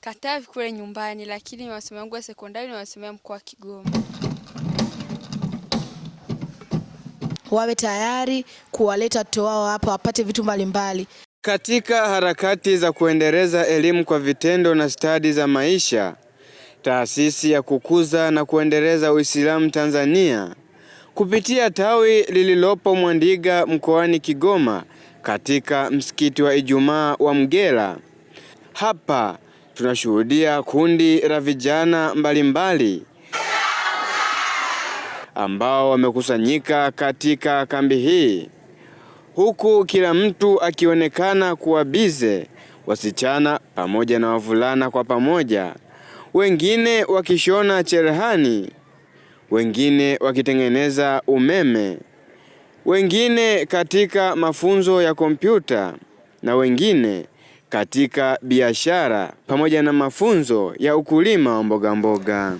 Katavi kule nyumbani, lakini masomo yangu ya sekondari na mkoa wa Kigoma. Wawe tayari kuwaleta watoto wao hapa wapate vitu mbalimbali. Katika harakati za kuendeleza elimu kwa vitendo na stadi za maisha, taasisi ya kukuza na kuendeleza Uislamu Tanzania kupitia tawi lililopo Mwandiga mkoani Kigoma katika msikiti wa Ijumaa wa Mgera. Hapa tunashuhudia kundi la vijana mbalimbali ambao wamekusanyika katika kambi hii, huku kila mtu akionekana kuwa bize, wasichana pamoja na wavulana kwa pamoja, wengine wakishona cherehani wengine wakitengeneza umeme, wengine katika mafunzo ya kompyuta na wengine katika biashara pamoja na mafunzo ya ukulima wa mboga mboga.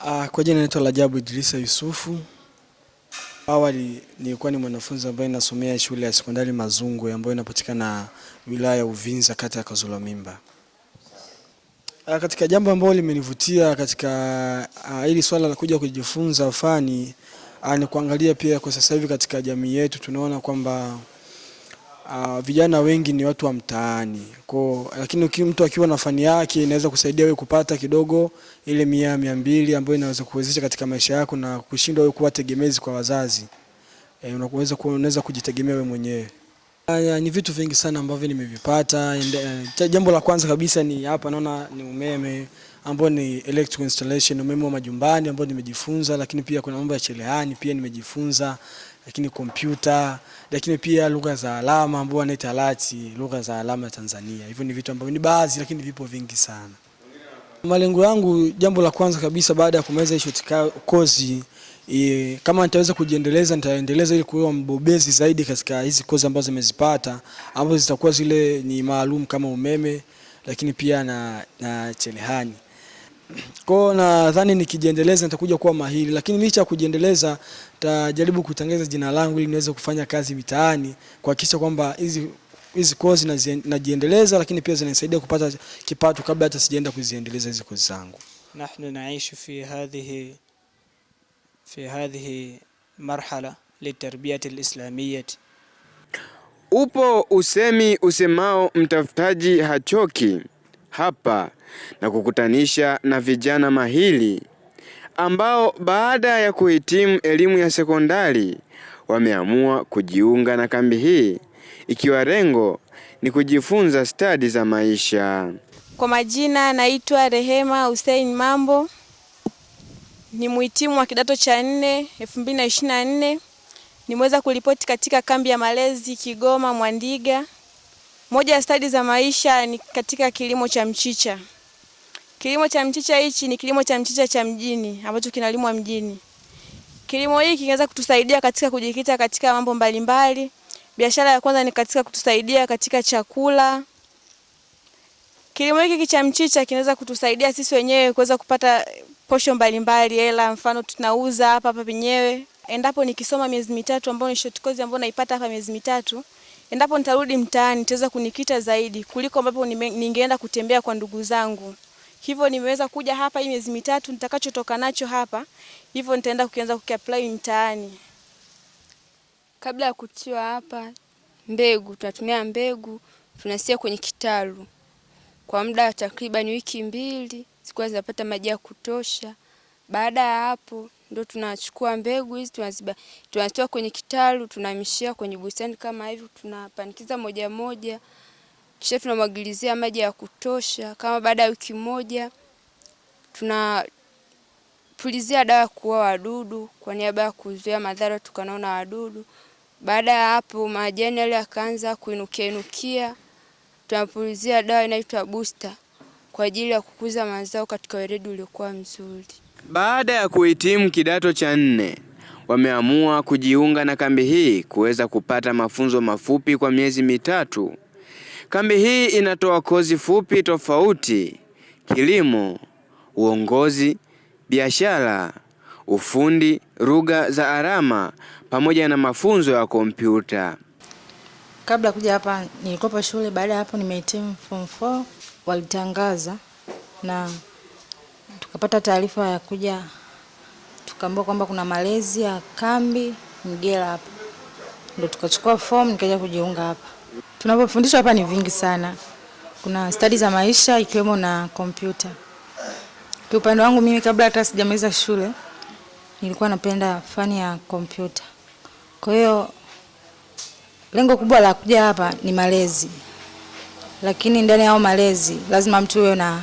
Ah, kwa jina naitwa Rajabu Idrisa Yusufu. Awali nilikuwa ni mwanafunzi ambaye nasomea shule ya sekondari Mazungwe ambayo inapatikana wilaya ya Uvinza kata ya mimba Ah, katika jambo ambalo limenivutia katika uh, hili swala la kuja kujifunza fani uh, ni kuangalia pia kwa sasa hivi katika jamii yetu tunaona kwamba uh, vijana wengi ni watu wa mtaani kwa, lakini mtu akiwa na fani yake inaweza kusaidia wewe kupata kidogo ile mia mia mbili ambayo inaweza kuwezesha katika maisha yako na kushindwa wewe kuwa tegemezi kwa wazazi. Eh, unaweza kujitegemea wewe mwenyewe. Haya ni vitu vingi sana ambavyo nimevipata. Eh, jambo la kwanza kabisa ni hapa naona ni umeme ambao ni electrical installation, umeme wa majumbani ambao nimejifunza, lakini pia kuna mambo ya cherehani pia nimejifunza, lakini kompyuta, lakini pia lugha za alama ambao wanaita LATI, lugha za alama ya Tanzania. Hivyo ni vitu ambavyo ni baadhi, lakini vipo vingi sana. Malengo yangu, jambo la kwanza kabisa baada ya kumaliza hiyo course E, kama nitaweza kujiendeleza nitaendeleza ili kuwa mbobezi zaidi katika hizi kozi ambazo zimezipata ambazo zitakuwa zile ni maalum kama umeme, lakini pia na, na cherehani. Kwa nadhani nikijiendeleza nitakuja kuwa mahiri, lakini licha ya kujiendeleza nitajaribu kutangaza jina langu ili niweze kufanya kazi mitaani kuhakikisha kwamba hizi hizi kozi najiendeleza, lakini pia zinanisaidia kupata kipato kabla hata sijaenda kuziendeleza hizi kozi zangu. Nahnu naishi fi hadhihi fi hadhihi marhala litarbiyati alislamiyyati. Upo usemi usemao mtafutaji hachoki hapa na kukutanisha na vijana mahili ambao baada ya kuhitimu elimu ya sekondari wameamua kujiunga na kambi hii ikiwa lengo ni kujifunza stadi za maisha. Kwa majina naitwa Rehema Hussein Mambo ni mhitimu wa kidato cha nne elfu mbili na ishirini na nne. Nimeweza kuripoti katika kambi ya malezi Kigoma Mwandiga. Moja ya stadi za maisha ni katika kilimo cha mchicha. Kilimo cha mchicha hichi ni kilimo cha mchicha cha mjini ambacho kinalimwa mjini. Kilimo hiki kinaweza kutusaidia katika kujikita katika mambo mbalimbali. Biashara ya kwanza ni katika kutusaidia katika chakula. Kilimo hiki cha mchicha kinaweza kutusaidia sisi wenyewe kuweza kupata posho mbalimbali hela, mfano tunauza hapa hapa penyewe. Endapo nikisoma miezi mitatu ambayo ni short course ambayo naipata hapa miezi mitatu, endapo nitarudi mtaani nitaweza kunikita zaidi kuliko ambapo ningeenda kutembea kwa ndugu zangu. Hivyo nimeweza kuja hapa hii miezi mitatu, nitakachotoka nacho hapa hivyo nitaenda kuanza kukiapply mtaani. Kabla ya kutiwa hapa mbegu, tunatumia mbegu tunasia kwenye kitalu kwa muda wa takriban wiki mbili, zilikuwa zinapata maji ya kutosha. Baada ya hapo ndio tunachukua mbegu hizi tunazitoa kwenye kitalu tunahamishia kwenye bustani kama hivi, tunapandikiza moja moja, kisha tunamwagilizia maji ya kutosha. Kama baada ya wiki moja, tunapulizia dawa ya kuua wadudu kwa niaba ya kuzuia madhara tukanaona wadudu. Baada ya hapo, majani yale yakaanza kuinukia inukia tunapulizia dawa inaitwa booster kwa ajili ya kukuza mazao katika weledi uliokuwa mzuri. Baada ya kuhitimu kidato cha nne, wameamua kujiunga na kambi hii kuweza kupata mafunzo mafupi kwa miezi mitatu. Kambi hii inatoa kozi fupi tofauti: kilimo, uongozi, biashara, ufundi, lugha za alama pamoja na mafunzo ya kompyuta. Kabla kuja hapa nilikopo shule, baada ya hapo nimehitimu form 4 walitangaza na tukapata taarifa ya kuja, tukaambiwa kwamba kuna malezi ya kambi Mgera hapa, ndio tukachukua form nikaja kujiunga hapa. Tunapofundishwa hapa ni vingi sana, kuna stadi za maisha ikiwemo na kompyuta. Kiupande wangu mimi, kabla hata sijamaliza shule, nilikuwa napenda fani ya kompyuta, kwa hiyo Lengo kubwa la kuja hapa ni malezi, lakini ndani yao malezi lazima mtu uwe na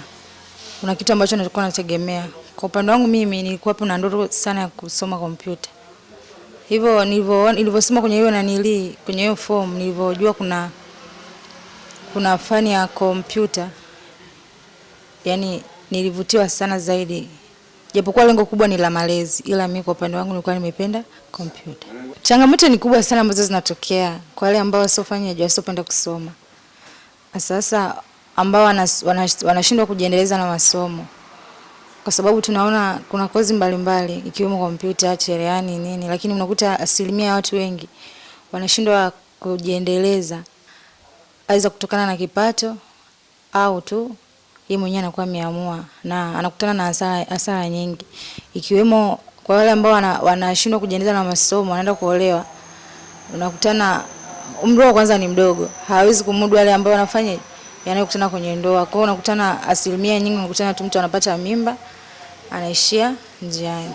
kuna kitu ambacho nilikuwa nategemea. Kwa upande wangu mimi nilikuwa na ndoto sana ya kusoma kompyuta, hivyo nilivyosoma kwenye hiyo nanili kwenye hiyo form, nilivyojua kuna kuna fani ya kompyuta, yani nilivutiwa sana zaidi japokuwa lengo kubwa ni la malezi, ila mimi kwa upande wangu nilikuwa nimependa kompyuta. Changamoto ni kubwa sana ambazo zinatokea kwa wale ambao wasiofanya juu, wasiopenda kusoma, sasa ambao wanashindwa wana, kujiendeleza na masomo, kwa sababu tunaona kuna kozi mbalimbali ikiwemo kompyuta, cherehani, nini, lakini unakuta asilimia ya watu wengi wanashindwa kujiendeleza, aidha kutokana na kipato au tu yeye mwenyewe anakuwa ameamua na anakutana na hasara nyingi, ikiwemo kwa wale ambao wanashindwa wana kujiendeleza na masomo, wanaenda kuolewa, unakutana umri wa kwanza ni mdogo, hawezi kumudu wale ambao wanafanya yanayokutana kwenye ndoa. Kwa hiyo unakutana asilimia nyingi, unakutana tu mtu anapata mimba anaishia njiani.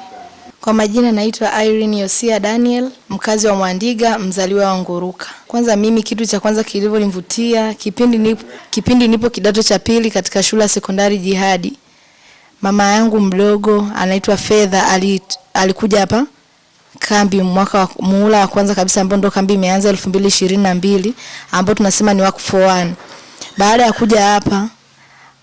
Kwa majina naitwa Irene Yosia Daniel, mkazi wa Mwandiga, mzaliwa wa Nguruka. Kwanza mimi kitu cha kwanza kilivyonivutia kipindi nipo, kipindi nipo kidato cha pili katika shule ya sekondari Jihadi, mama yangu mdogo anaitwa Fedha alikuja hapa kambi mwaka wa muhula wa kwanza kabisa ambao ndo kambi imeanza 2022 ambao tunasema ni wakfu 1. Baada ya kuja hapa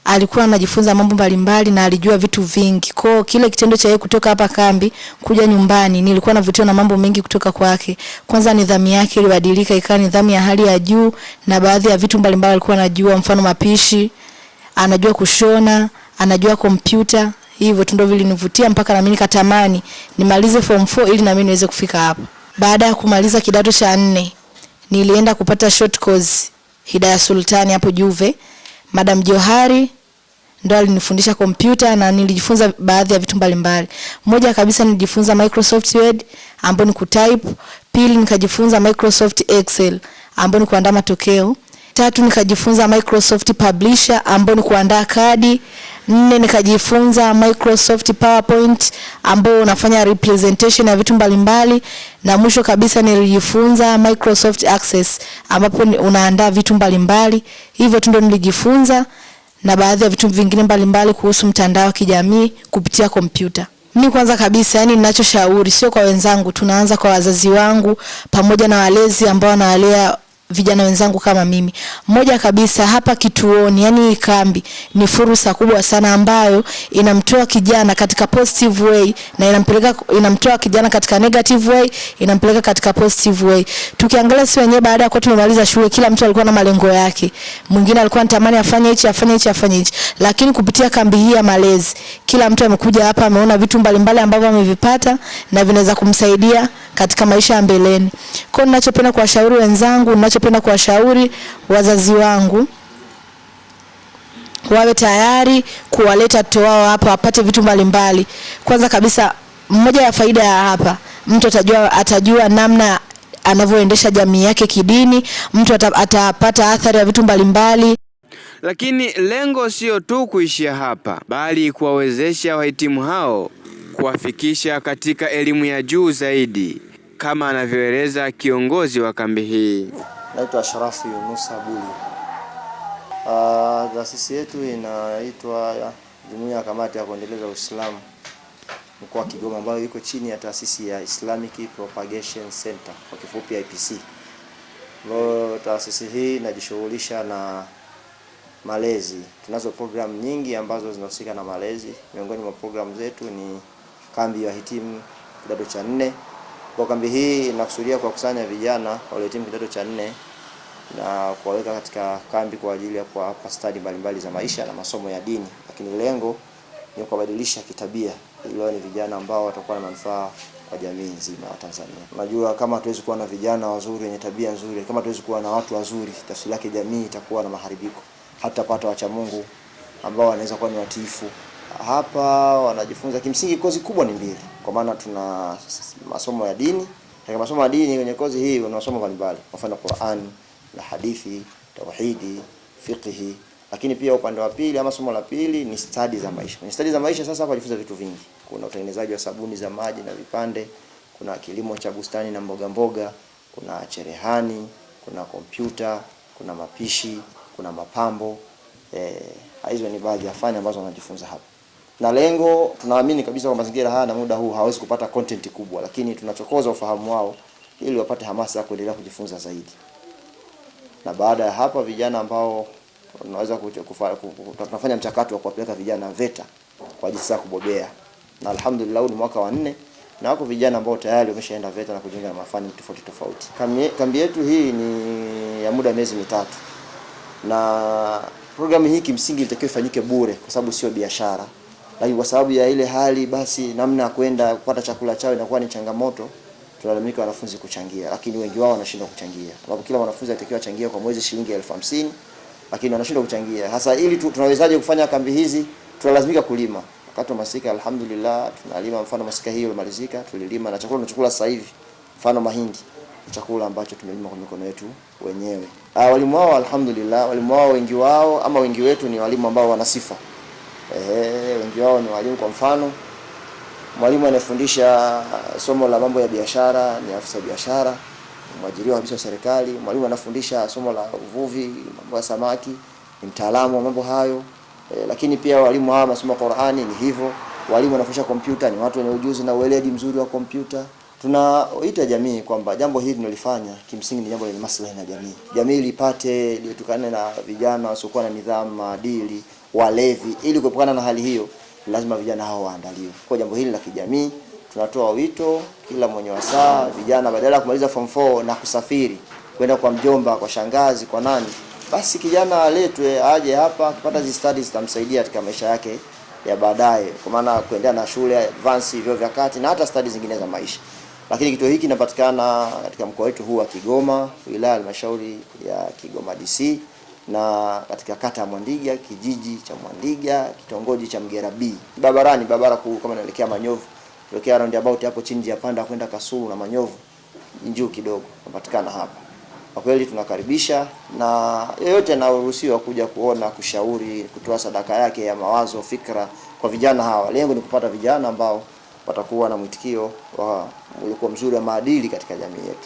alikuwa anajifunza mambo mbalimbali na alijua vitu vingi. Kwa kile kitendo cha yeye kutoka hapa kambi kuja nyumbani, nilikuwa navutiwa na mambo mengi kutoka kwake. Kwanza nidhamu yake ilibadilika ikawa nidhamu ya hali ya juu, na baadhi ya vitu mbalimbali alikuwa anajua, mfano mapishi, anajua kushona, anajua kompyuta. Hivyo tu ndio vilinivutia mpaka na mimi nikatamani nimalize form 4 ili na mimi niweze kufika hapa. Baada ya kumaliza kidato cha nne, nilienda kupata short course Hidaya Sultani hapo Juve. Madam Johari ndo alinifundisha kompyuta na nilijifunza baadhi ya vitu mbalimbali. Moja kabisa nilijifunza Microsoft Word ambapo ni kutype, pili nikajifunza Microsoft Excel ambapo ni kuandaa matokeo. Tatu, nikajifunza Microsoft Publisher ambayo ni kuandaa kadi. Nne, nikajifunza Microsoft PowerPoint ambayo unafanya representation ya vitu mbalimbali, mbali. na mwisho kabisa nilijifunza Microsoft Access ambapo unaandaa vitu mbalimbali. Hivyo tu ndo nilijifunza na baadhi ya vitu vingine mbalimbali kuhusu mtandao wa kijamii kupitia kompyuta. Mimi kwanza kabisa, yani ninachoshauri sio kwa wenzangu, tunaanza kwa wazazi wangu pamoja na walezi ambao wanawalea vijana wenzangu kama mimi. Moja kabisa hapa kituoni, yani hii kambi ni fursa kubwa sana ambayo inamtoa kijana katika positive way na inampeleka inamtoa kijana katika negative way, inampeleka katika positive way. Tukiangalia si wenyewe, baada ya kuwa tumemaliza shule, kila mtu alikuwa na malengo yake. Mwingine alikuwa anatamani afanye hichi, afanye hichi, afanye hichi. Lakini kupitia kambi hii ya malezi, kila mtu amekuja hapa ameona vitu mbalimbali ambavyo amevipata na vinaweza kumsaidia katika maisha ya mbeleni. Kwa hiyo ninachopenda kuwashauri wenzangu ninacho ningependa kuwashauri wazazi wangu wawe tayari kuwaleta watoto wao hapa wapate vitu mbalimbali. Kwanza kabisa, mmoja ya faida ya hapa, mtu atajua, atajua namna anavyoendesha jamii yake kidini, mtu atapata athari ya vitu mbalimbali. Lakini lengo sio tu kuishia hapa, bali kuwawezesha wahitimu hao kuwafikisha katika elimu ya juu zaidi, kama anavyoeleza kiongozi wa kambi hii. Naitwa sharafi Yunus Abuli. Uh, taasisi yetu inaitwa Jumuiya ya Kamati ya Kuendeleza Uislamu mkoa wa Kigoma, ambayo iko chini ya taasisi ya Islamic Propagation Center kwa kifupi IPC. taasisi hii inajishughulisha na malezi. Tunazo programu nyingi ambazo zinahusika na malezi. Miongoni mwa programu zetu ni kambi ya hitimu kidato cha nne kwa kambi hii inakusudia kuwakusanya vijana waliohitimu kidato cha nne na kuwaweka katika kambi kwa ajili ya kuwapa stadi mbalimbali za maisha na masomo ya dini, lakini lengo ni kuwabadilisha kitabia ili wawe ni vijana ambao watakuwa na manufaa kwa jamii nzima ya Tanzania. Unajua, kama hatuwezi kuwa na vijana wazuri wenye tabia nzuri, kama hatuwezi kuwa na watu wazuri, tafsiri yake jamii itakuwa na maharibiko, hatutapata wacha Mungu ambao wanaweza kuwa ni watiifu hapa wanajifunza kimsingi, kozi kubwa ni mbili, kwa maana tuna masomo ya dini. Katika masomo ya dini kwenye kozi hii una masomo mbalimbali, kwa mfano Qur'an na hadithi, tauhidi, fiqhi, lakini pia upande wa pili ama somo la pili ni study za maisha. Kwenye study za maisha sasa hapa jifunza vitu vingi, kuna utengenezaji wa sabuni za maji na vipande, kuna kilimo cha bustani na mboga mboga, kuna cherehani, kuna kompyuta, kuna mapishi, kuna mapambo. Eh, hizo ni baadhi ya fani ambazo wanajifunza hapa na lengo, tunaamini kabisa kwa mazingira haya na muda huu hawezi kupata content kubwa, lakini tunachokoza ufahamu wao ili wapate hamasa ya kuendelea kujifunza zaidi. Na baada ya hapa vijana ambao tunaweza tunafanya mchakato wa kuwapeleka vijana VETA kwa ajili ya kubobea, na alhamdulillah ni mwaka wa nne na wako vijana ambao tayari wameshaenda VETA na kujiunga na mafani tofauti tofauti. Kambi yetu hii ni ya muda miezi mitatu, na programu hii kimsingi ilitakiwa ifanyike bure kwa sababu sio biashara lakini kwa sababu ya ile hali basi namna ya kwenda kupata chakula chao inakuwa ni changamoto. Tunalalamika wanafunzi kuchangia, lakini wengi wao wanashindwa kuchangia, sababu kila mwanafunzi anatakiwa achangie kwa mwezi shilingi elfu hamsini lakini wanashindwa kuchangia. Hasa ili tu, tunawezaje kufanya kambi hizi? Tunalazimika kulima wakati wa masika. Alhamdulillah, tunalima mfano masika hiyo ilimalizika, tulilima na chakula tunachokula sasa hivi mfano mahindi chakula ambacho tumelima kwa mikono yetu wenyewe. Ah, walimu wao alhamdulillah, walimu wao wengi wao ama wengi wetu ni walimu ambao wana sifa eh, wengi wao ni walimu. Kwa mfano mwalimu anayefundisha somo la mambo ya biashara ni afisa biashara mwajiriwa kabisa wa serikali. Mwalimu anafundisha somo la uvuvi, mambo ya samaki, ni mtaalamu wa mambo hayo e, lakini pia walimu hawa masomo Qur'ani ni hivyo. Walimu wanafundisha kompyuta ni watu wenye ujuzi na ueledi mzuri wa kompyuta. Tunaita jamii kwamba jambo hili tunalifanya kimsingi ni jambo lenye maslahi na jamii, jamii lipate liotokane na vijana wasiokuwa na nidhamu, maadili walevi. Ili kuepukana na hali hiyo, lazima vijana hao waandaliwe. Kwa jambo hili la kijamii, tunatoa wito kila mwenye wasaa, vijana badala ya kumaliza form 4 na kusafiri kwenda kwa mjomba, kwa shangazi, kwa nani, basi kijana aletwe aje hapa, akipata zi studies zitamsaidia katika maisha yake ya baadaye, kwa maana kuendelea na shule advance, vyuo vya kati na hata studies zingine za maisha. Lakini kituo hiki kinapatikana katika mkoa wetu huu wa Kigoma, wilaya halmashauri ya Kigoma DC na katika kata ya Mwandiga, kijiji cha Mwandiga, kitongoji cha Mgera B, barabarani, barabara kuu kama inaelekea Manyovu, kuelekea about hapo chini ya panda kwenda Kasulu na Manyovu juu kidogo, napatikana hapa. Kwa kweli tunakaribisha na yeyote anaruhusiwa kuja kuona, kushauri, kutoa sadaka yake ya mawazo, fikra kwa vijana hawa. Lengo ni kupata vijana ambao watakuwa na mwitikio wa ulikuwa mzuri wa maadili katika jamii yetu.